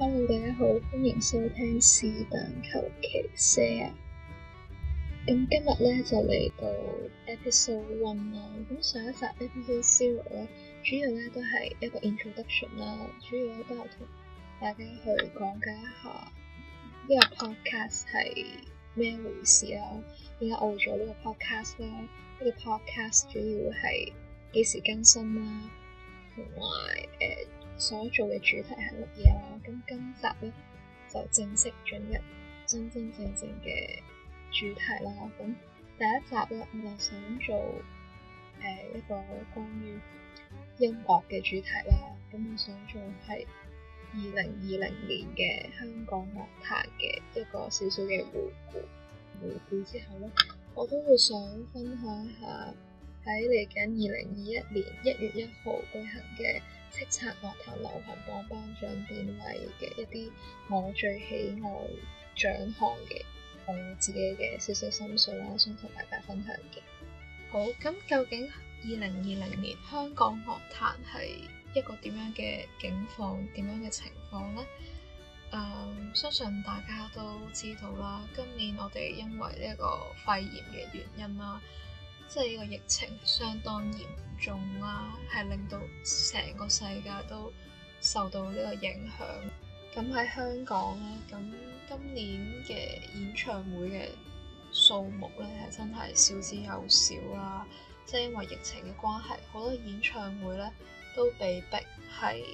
hello，大家好，歡迎收聽是但求其 share。咁今日咧，就嚟到 episode one 啦。咁上一集 episode zero 咧，主要咧都係一個 introduction 啦，主要咧都係同大家去講解下呢個 podcast 係咩回事啊。點解我會做呢個 podcast 咧，呢個 podcast 主要係幾時更新啦，同埋誒所做嘅主題係乜嘢啊？咁今集咧就正式進入真真正正嘅主題啦。咁第一集咧，我就想做誒一個關於音樂嘅主題啦。咁我想做係二零二零年嘅香港樂壇嘅一個小小嘅回顧。回顧之後咧，我都會想分享下喺嚟緊二零二一年一月一號舉行嘅叱咤樂壇流行榜頒獎典禮嘅一啲我最喜愛獎項嘅我自己嘅小小心碎啦，想同大家分享嘅。好，咁究竟二零二零年香港樂壇係一個點樣嘅境況，點樣嘅情況呢？誒、呃，相信大家都知道啦。今年我哋因為呢個肺炎嘅原因啦。即係呢個疫情相當嚴重啦，係令到成個世界都受到呢個影響。咁喺香港呢，咁今年嘅演唱會嘅數目呢，係真係少之又少啦。即係因為疫情嘅關係，好多演唱會呢都被逼係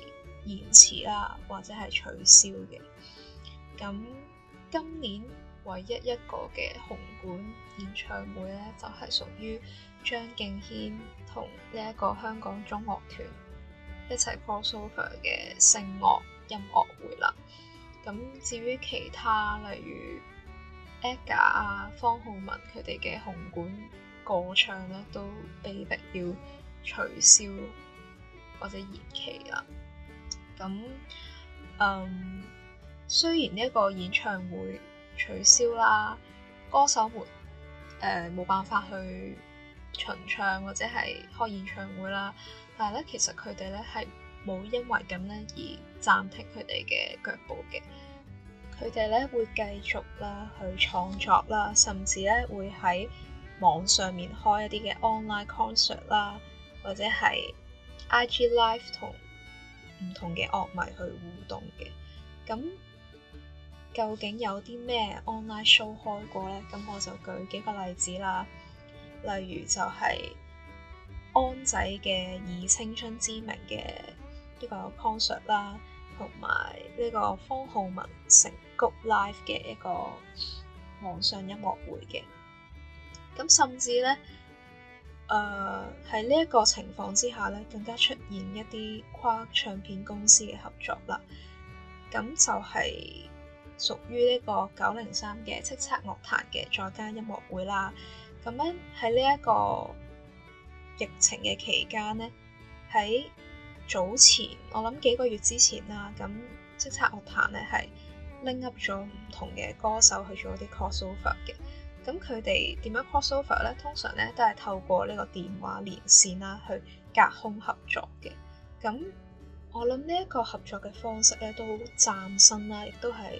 延遲啦，或者係取消嘅。咁今年。唯一一個嘅紅館演唱會咧，就係、是、屬於張敬軒同呢一個香港中樂團一齊 c o f a 嘅聖樂音樂會啦。咁至於其他例如 Edgar 啊、方浩文佢哋嘅紅館個唱咧，都被迫要取消或者延期啦。咁嗯，雖然呢一個演唱會取消啦！歌手們誒冇、呃、辦法去巡唱或者係開演唱會啦。但係咧，其實佢哋咧係冇因為咁咧而暫停佢哋嘅腳步嘅。佢哋咧會繼續啦去創作啦，甚至咧會喺網上面開一啲嘅 online concert 啦，或者係 IG Live 同唔同嘅樂迷去互動嘅。咁究竟有啲咩 online show 開過呢？咁我就舉幾個例子啦。例如就係安仔嘅以青春之名嘅呢個 concert 啦，同埋呢個方浩文成谷 live 嘅一個網上音樂會嘅。咁甚至呢，誒喺呢一個情況之下呢，更加出現一啲跨唱片公司嘅合作啦。咁就係、是。屬於呢個九零三嘅叱咤樂壇嘅再加音樂會啦。咁樣喺呢一個疫情嘅期間呢，喺早前我諗幾個月之前啦，咁叱咤樂壇咧係拎 Up 咗唔同嘅歌手去做一啲 crossover 嘅。咁佢哋點樣 crossover 咧？通常咧都係透過呢個電話連線啦，去隔空合作嘅。咁我諗呢一個合作嘅方式咧都好嶄新啦，亦都係。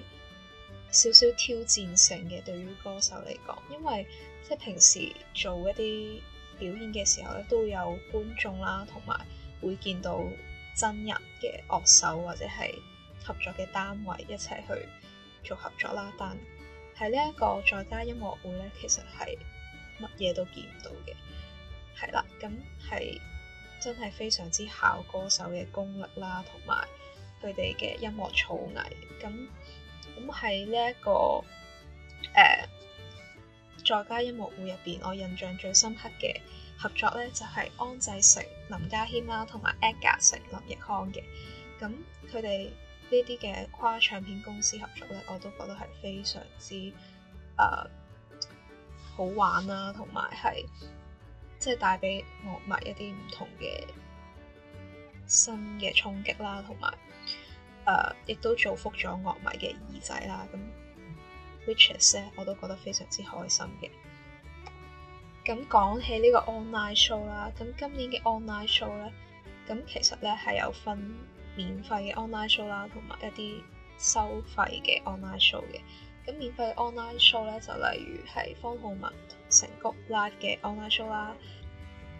少少挑戰性嘅，對於歌手嚟講，因為即係平時做一啲表演嘅時候咧，都有觀眾啦，同埋會見到真人嘅樂手或者係合作嘅單位一齊去做合作啦。但係呢一個在家音樂會咧，其實係乜嘢都見唔到嘅，係啦，咁係真係非常之考歌手嘅功力啦，同埋佢哋嘅音樂造詣咁。咁喺呢一個誒、呃、在家音樂會入邊，我印象最深刻嘅合作咧，就係、是、安仔成、林家謙啦，同埋 Edgar 成林奕、林奕康嘅。咁佢哋呢啲嘅跨唱片公司合作咧，我都覺得係非常之誒、呃、好玩啦，就是、同埋係即係帶俾樂迷一啲唔同嘅新嘅衝擊啦，同埋。Uh, 亦都造福咗樂迷嘅耳仔啦，咁、mm.，Which is 咧，我都覺得非常之開心嘅。咁講起呢個 online show 啦，咁今年嘅 online show 咧，咁其實咧係有分免費嘅 online show 啦，同埋一啲收費嘅 online show 嘅。咁免費嘅 online show 咧，就例如係方浩文同成谷 live 嘅 online show 啦。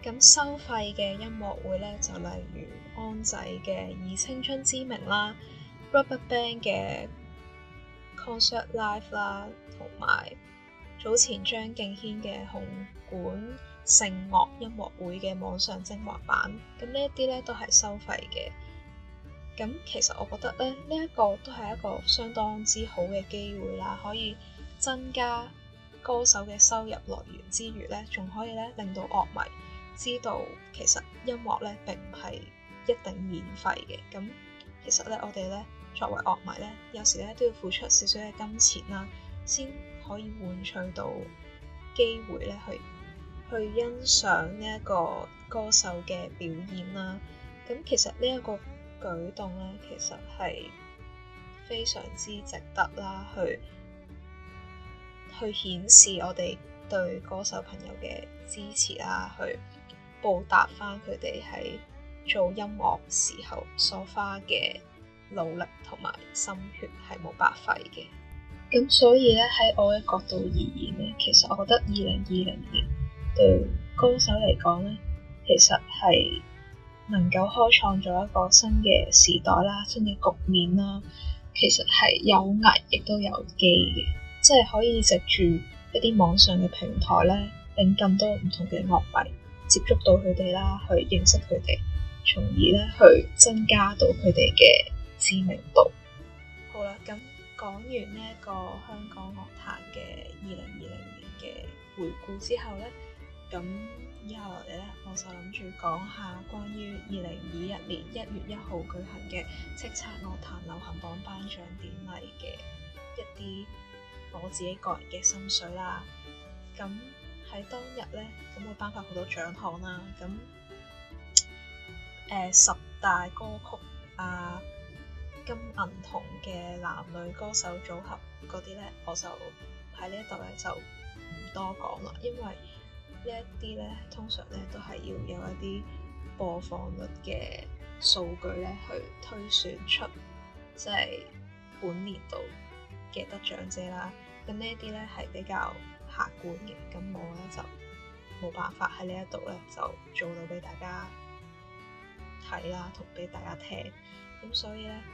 咁收費嘅音樂會咧，就例如安仔嘅以青春之名啦。RubberBand 嘅 Concert Live 啦，同埋早前張敬軒嘅紅館盛樂音樂會嘅網上精華版，咁呢一啲咧都係收費嘅。咁其實我覺得咧，呢一個都係一個相當之好嘅機會啦，可以增加歌手嘅收入來源之餘咧，仲可以咧令到樂迷知道其實音樂咧並唔係一定免費嘅。咁其實咧，我哋咧。作為樂迷咧，有時咧都要付出少少嘅金錢啦，先可以換取到機會咧去去欣賞呢一個歌手嘅表演啦。咁其實呢一個舉動咧，其實係非常之值得啦，去去顯示我哋對歌手朋友嘅支持啦，去報答返佢哋喺做音樂時候所花嘅。努力同埋心血係冇白費嘅。咁所以咧，喺我嘅角度而言咧，其實我覺得二零二零年對歌手嚟講咧，其實係能夠開創咗一個新嘅時代啦、新嘅局面啦。其實係有危亦都有機嘅，即係可以藉住一啲網上嘅平台咧，令更多唔同嘅樂迷接觸到佢哋啦，去認識佢哋，從而咧去增加到佢哋嘅。知名度好啦，咁講完呢個香港樂壇嘅二零二零年嘅回顧之後咧，咁以下嚟咧，我就諗住講下關於二零二一年一月一號舉行嘅叱咤樂壇流行榜頒，頒獎典禮嘅一啲我自己個人嘅心水啦。咁喺當日咧，咁會頒發好多獎項啦。咁誒、呃、十大歌曲啊～金銀銅嘅男女歌手組合嗰啲咧，我就喺呢一度咧就唔多講啦，因為呢一啲咧通常咧都係要有一啲播放率嘅數據咧去推算出即係、就是、本年度嘅得獎者啦。咁呢一啲咧係比較客觀嘅，咁我咧就冇辦法喺呢一度咧就做到俾大家睇啦，同俾大家聽。咁所以咧～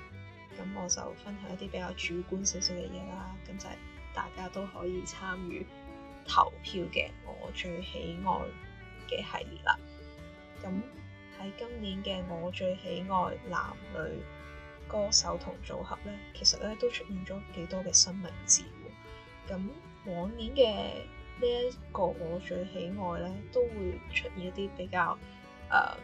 咁我就分享一啲比較主觀少少嘅嘢啦，咁就係大家都可以參與投票嘅我最喜愛嘅系列啦。咁喺今年嘅我最喜愛男女歌手同組合咧，其實咧都出現咗幾多嘅新名字。咁往年嘅呢一個我最喜愛咧，都會出現一啲比較誒、呃，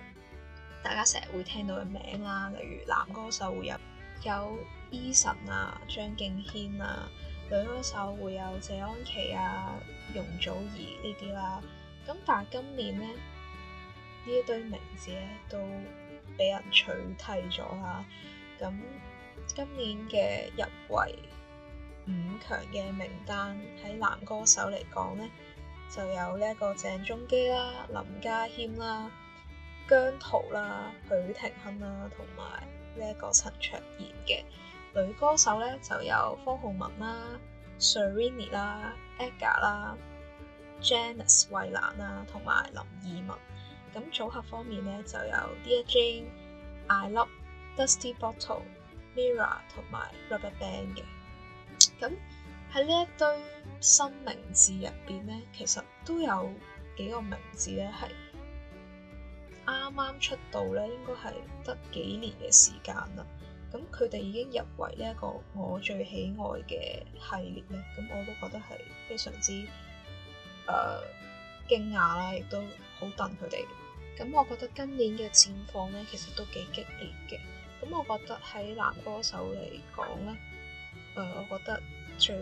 大家成日會聽到嘅名啦，例如男歌手會有。有 Eason 啊、張敬軒啊，女歌手會有謝安琪啊、容祖兒呢啲啦。咁但係今年呢，呢一堆名字咧都俾人取替咗啦。咁、啊、今年嘅入圍五強嘅名單喺男歌手嚟講咧，就有呢一個鄭中基啦、林家謙啦、姜濤啦、許廷鏗啦，同埋。呢一個陳卓賢嘅女歌手咧，就有方皓玟啦、Serrini 啦、Aga 啦、Janice 衛蘭啦，同埋林二汶。咁組合方面咧，就有 Dear Jane、I Love、Dusty Bottle、Mirror 同埋 Rubber Band 嘅。咁喺呢一堆新名字入邊咧，其實都有幾個名字咧係，啱啱出道咧，應該係得幾年嘅時間啦。咁佢哋已經入圍呢一個我最喜愛嘅系列咧，咁我都覺得係非常之誒驚訝啦，亦、呃、都好戥佢哋。咁我覺得今年嘅戰況咧，其實都幾激烈嘅。咁我覺得喺男歌手嚟講咧，誒、呃，我覺得最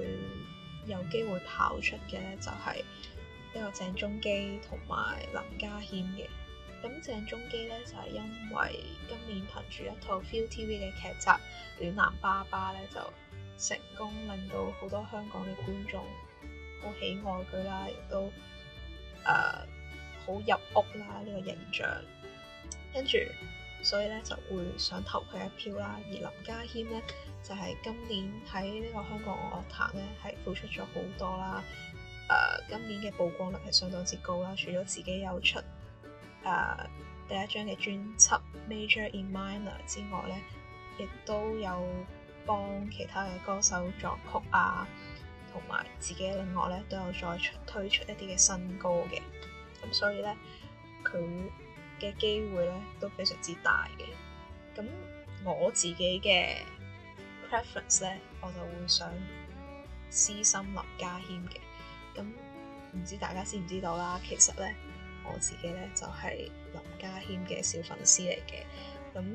有機會跑出嘅就係呢個鄭中基同埋林家謙嘅。咁鄭中基咧就係、是、因為今年憑住一套 ViuTV 嘅劇集《暖男爸爸》咧，就成功令到好多香港嘅觀眾好喜愛佢啦，亦都誒好、呃、入屋啦呢、這個形象。跟住所以咧就會想投佢一票啦。而林家謙咧就係、是、今年喺呢個香港樂壇咧係付出咗好多啦。誒、呃，今年嘅曝光率係相當之高啦。除咗自己有出誒、uh, 第一張嘅專輯《Major in Minor》之外咧，亦都有幫其他嘅歌手作曲啊，同埋自己另外咧都有再出推出一啲嘅新歌嘅，咁所以咧佢嘅機會咧都非常之大嘅。咁我自己嘅 preference 咧，我就會想私心林家謙嘅。咁唔知大家知唔知道啦？其實咧。我自己咧就係、是、林家謙嘅小粉絲嚟嘅，咁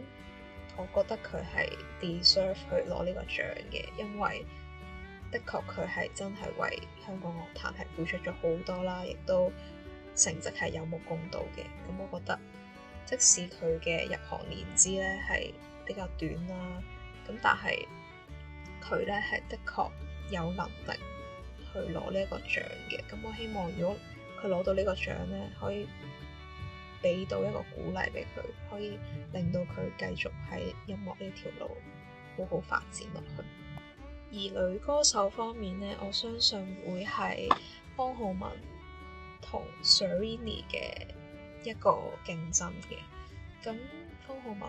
我覺得佢係 deserve 去攞呢個獎嘅，因為的確佢係真係為香港樂壇係付出咗好多啦，亦都成績係有目共睹嘅。咁我覺得，即使佢嘅入行年資咧係比較短啦，咁但係佢咧係的確有能力去攞呢一個獎嘅。咁我希望如果佢攞到呢個獎咧，可以俾到一個鼓勵俾佢，可以令到佢繼續喺音樂呢條路好好發展落去。而女歌手方面咧，我相信會係方皓玟同 Serrini 嘅一個競爭嘅。咁方皓玟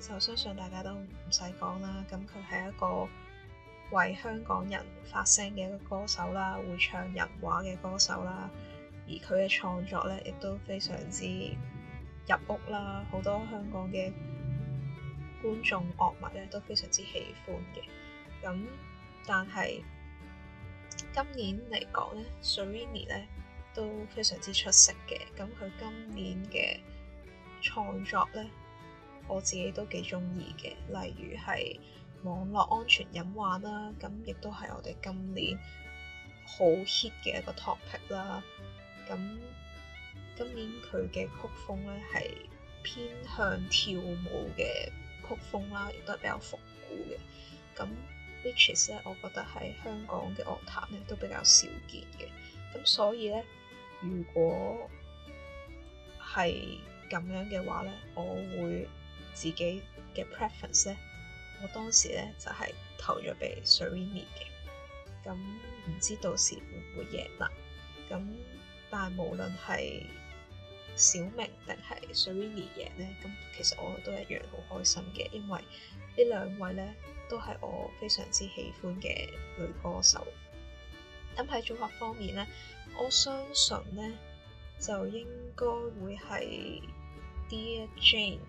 就相信大家都唔使講啦，咁佢係一個為香港人發聲嘅一個歌手啦，會唱人話嘅歌手啦。而佢嘅創作咧，亦都非常之入屋啦，好多香港嘅觀眾樂迷咧都非常之喜歡嘅。咁但係今年嚟講咧 Serrini 咧都非常之出色嘅。咁佢今年嘅創作咧，我自己都幾中意嘅，例如係網絡安全隱患啦，咁亦都係我哋今年好 hit 嘅一個 topic 啦。咁今年佢嘅曲風咧係偏向跳舞嘅曲風啦，亦都係比較復古嘅。咁 Witches 咧，我覺得喺香港嘅樂壇咧都比較少見嘅。咁所以咧，如果係咁樣嘅話咧，我會自己嘅 preference 咧，我當時咧就係、是、投咗俾 Serrini 嘅。咁唔知到時會唔會贏啦？咁但係無論係小明定係 Serrini 贏咧，咁其實我都一樣好開心嘅，因為呢兩位咧都係我非常之喜歡嘅女歌手。咁喺組合方面咧，我相信咧就應該會係 Dear Jane、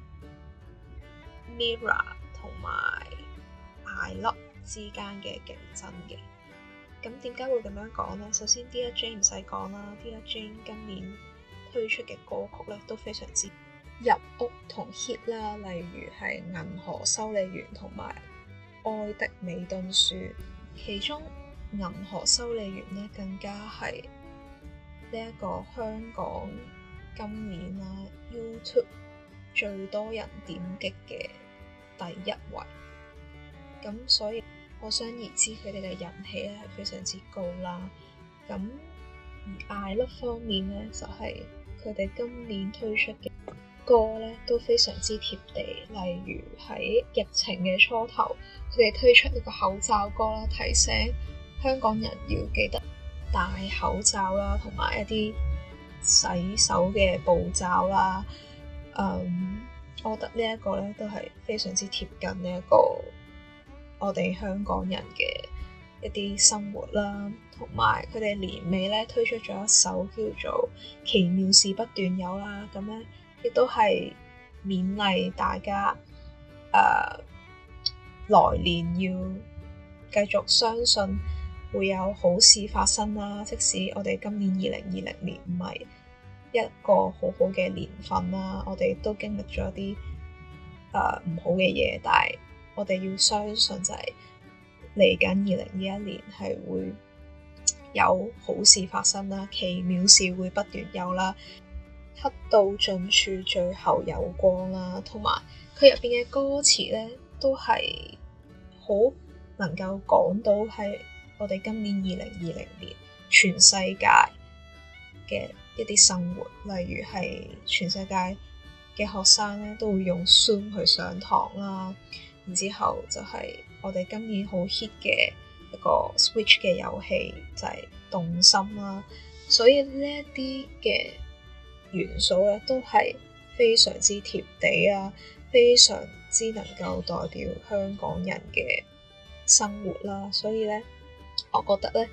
Mirror 同埋 I Love 之間嘅競爭嘅。咁點解會咁樣講呢？首先，Dear Jane 唔使講啦，Dear Jane 今年推出嘅歌曲咧都非常之入屋同 hit 啦，例如係《銀河修理員》同埋《愛的美敦書》，其中《銀河修理員》咧更加係呢一個香港今年啦、啊、YouTube 最多人點擊嘅第一位，咁所以。可想而知佢哋嘅人氣咧係非常之高啦。咁而艾粒方面咧就係佢哋今年推出嘅歌咧都非常之貼地，例如喺疫情嘅初頭，佢哋推出一個口罩歌啦，提醒香港人要記得戴口罩啦，同埋一啲洗手嘅步驟啦。嗯，我覺得呢一個咧都係非常之貼近呢，這一個。我哋香港人嘅一啲生活啦，同埋佢哋年尾咧推出咗一首叫做《奇妙事不斷有》啦，咁咧亦都係勉勵大家誒、呃、來年要繼續相信會有好事發生啦。即使我哋今年二零二零年唔係一個好好嘅年份啦，我哋都經歷咗啲誒唔好嘅嘢，但係。我哋要相信、就是，就係嚟緊二零二一年係會有好事發生啦，奇妙事會不斷有啦。黑到盡處，最後有光啦。同埋佢入邊嘅歌詞咧，都係好能夠講到係我哋今年二零二零年全世界嘅一啲生活，例如係全世界嘅學生咧都會用 Zoom 去上堂啦。然之後就係我哋今年好 hit 嘅一個 switch 嘅遊戲，就係、是、動森啦。所以呢一啲嘅元素咧，都係非常之貼地啊，非常之能夠代表香港人嘅生活啦。所以咧，我覺得咧，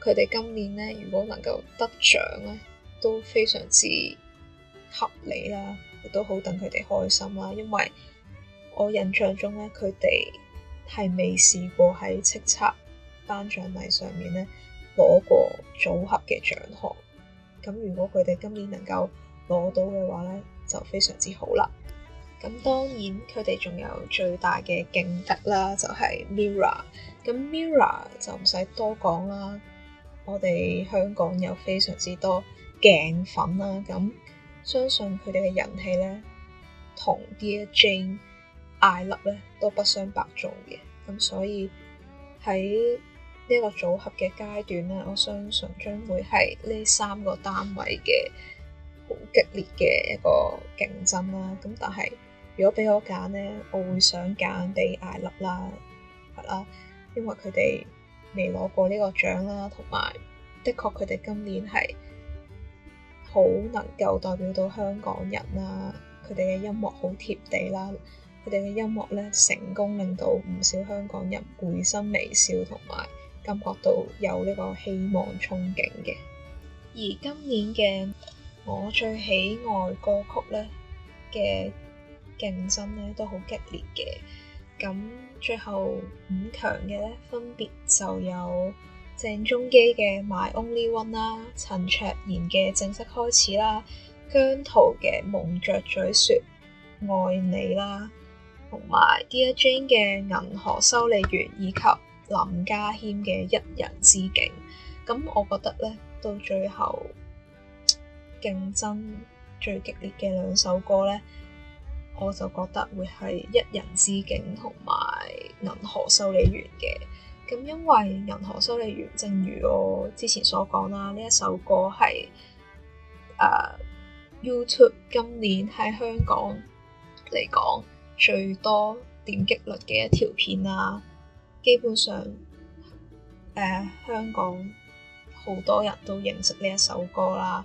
佢哋今年咧如果能夠得獎咧，都非常之合理啦，亦都好等佢哋開心啦，因為。我印象中咧，佢哋係未試過喺叱咤頒獎禮上面咧攞過組合嘅獎項。咁如果佢哋今年能夠攞到嘅話咧，就非常之好啦。咁當然佢哋仲有最大嘅勁敵啦，就係 Mirror。咁 Mirror 就唔使多講啦，我哋香港有非常之多鏡粉啦。咁相信佢哋嘅人氣咧，同 Dear Jane。艾粒咧都不相白做嘅，咁所以喺呢個組合嘅階段咧，我相信將會係呢三個單位嘅好激烈嘅一個競爭啦。咁但係如果俾我揀咧，我會想揀俾艾粒啦，係啦，因為佢哋未攞過呢個獎啦，同埋的確佢哋今年係好能夠代表到香港人啦，佢哋嘅音樂好貼地啦。佢哋嘅音樂咧，成功令到唔少香港人會心微笑，同埋感覺到有呢個希望憧憬嘅。而今年嘅我最喜愛歌曲咧嘅競爭咧，都好激烈嘅。咁最後五強嘅咧，分別就有鄭中基嘅《My Only One》啦，陳卓賢嘅《正式開始》啦，姜濤嘅《蒙着嘴說愛你》啦。同埋 D.J. 嘅《Dear Jane 銀河修理員》以及林家謙嘅《一人之境》咁，我覺得咧到最後競爭最激烈嘅兩首歌咧，我就覺得會係《一人之境》同埋《銀河修理員》嘅。咁因為《銀河修理員》正如我之前所講啦，呢一首歌係誒、uh, YouTube 今年喺香港嚟講，最多點擊率嘅一條片啊，基本上誒、呃、香港好多人都認識呢一首歌啦，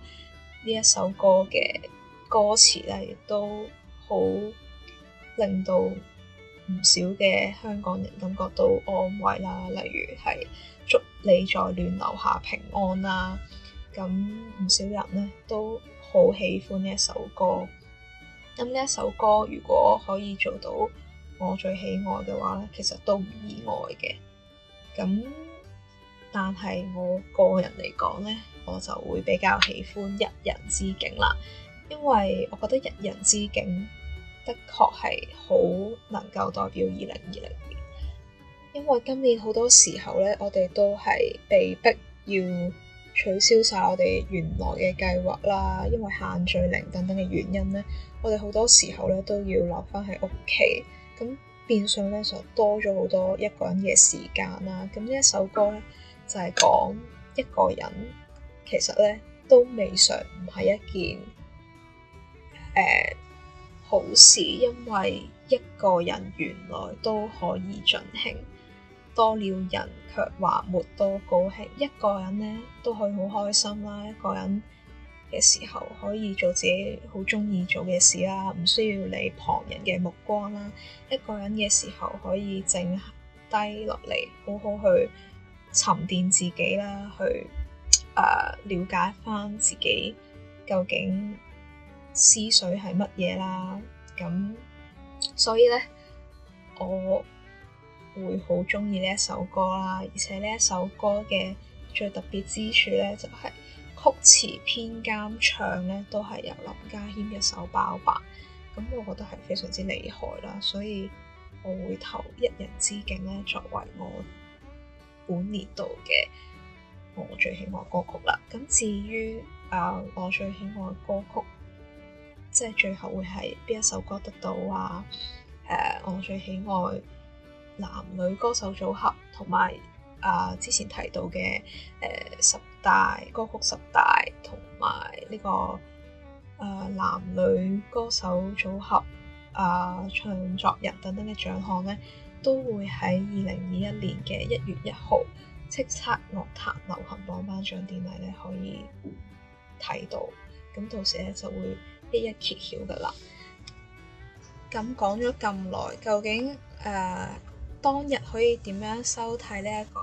呢一首歌嘅歌詞咧亦都好令到唔少嘅香港人感覺到安慰啦，例如係祝你在亂流下平安啦，咁唔少人咧都好喜歡呢一首歌。咁呢一首歌，如果可以做到我最喜愛嘅話咧，其實都唔意外嘅。咁，但係我個人嚟講咧，我就會比較喜歡一人之境啦，因為我覺得一人之境的確係好能夠代表二零二零年，因為今年好多時候咧，我哋都係被逼要取消晒我哋原來嘅計劃啦，因為限聚令等等嘅原因咧。我哋好多時候咧都要留翻喺屋企，咁變相咧就多咗好多一個人嘅時間啦。咁呢一首歌咧就係、是、講一個人其實咧都未嘗唔係一件誒、呃、好事，因為一個人原來都可以盡興，多了人卻話沒到高興。一個人咧都可以好開心啦，一個人嘅時候可以做自己好中意做嘅事啦，唔需要理旁人嘅目光啦。一個人嘅時候可以靜低落嚟，好好去沉澱自己啦，去誒了解翻自己究竟思緒係乜嘢啦。咁所以咧，我會好中意呢一首歌啦，而且呢一首歌嘅最特別之處咧就係、是。曲詞編監唱咧都係由林家謙一手包辦，咁我覺得係非常之厲害啦，所以我會投《一人之境》咧作為我本年度嘅我最喜愛歌曲啦。咁至於啊、呃，我最喜愛歌曲，即係最後會係邊一首歌得到啊？誒、呃，我最喜愛男女歌手組合同埋。啊！之前提到嘅誒、呃、十大歌曲十大同埋呢個誒、呃、男女歌手組合啊、呃、唱作人等等嘅獎項咧，都會喺二零二一年嘅一月一號叱咤樂壇流行榜頒獎典禮咧可以睇到。咁到時咧就會一一揭曉噶啦。咁講咗咁耐，究竟誒、呃、當日可以點樣收睇呢一個。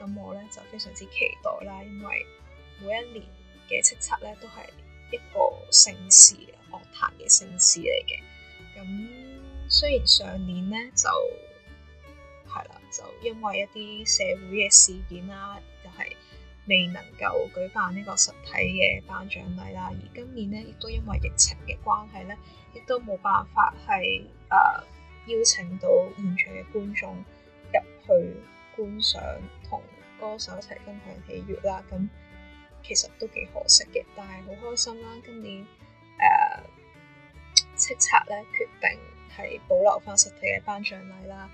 咁我咧就非常之期待啦，因為每一年嘅叱咤咧都係一個盛事、樂壇嘅盛事嚟嘅。咁雖然上年咧就係啦，就因為一啲社會嘅事件啦，就係未能夠舉辦呢個實體嘅頒獎禮啦。而今年咧亦都因為疫情嘅關係咧，亦都冇辦法係誒、呃、邀請到現場嘅觀眾入去。觀賞同歌手一齊分享喜悅啦，咁其實都幾可惜嘅，但係好開心啦。今年誒，叱、呃、咤咧決定係保留翻實體嘅頒獎禮啦，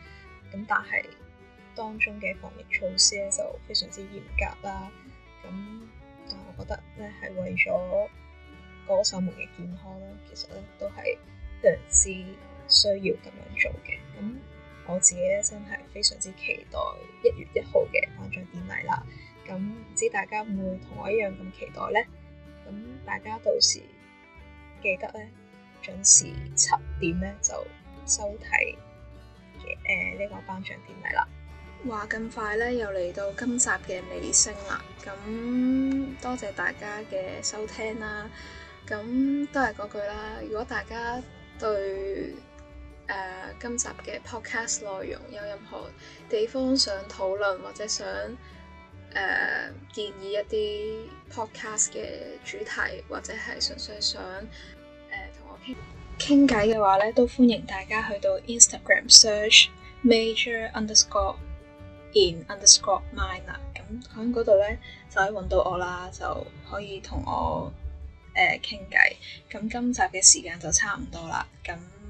咁但係當中嘅防疫措施咧就非常之嚴格啦。咁但係我覺得咧係為咗歌手們嘅健康啦，其實咧都係非常之需要咁樣做嘅。我自己咧真係非常之期待一月一號嘅頒獎典禮啦，咁唔知大家會唔會同我一樣咁期待呢？咁大家到時記得咧，準時七點咧就收睇誒、呃這個、呢個頒獎典禮啦。話咁快咧，又嚟到今集嘅尾聲啦，咁多謝大家嘅收聽啦，咁都係嗰句啦，如果大家對誒，uh, 今集嘅 podcast 內容有任何地方想討論或者想誒、uh, 建議一啲 podcast 嘅主題，或者係純粹想誒同、uh, 我傾傾偈嘅話咧，都歡迎大家去到 Instagram search major underscore in underscore minor，咁響度咧就可以搵到我啦，就可以同我誒傾偈。咁、uh, 今集嘅時間就差唔多啦，咁。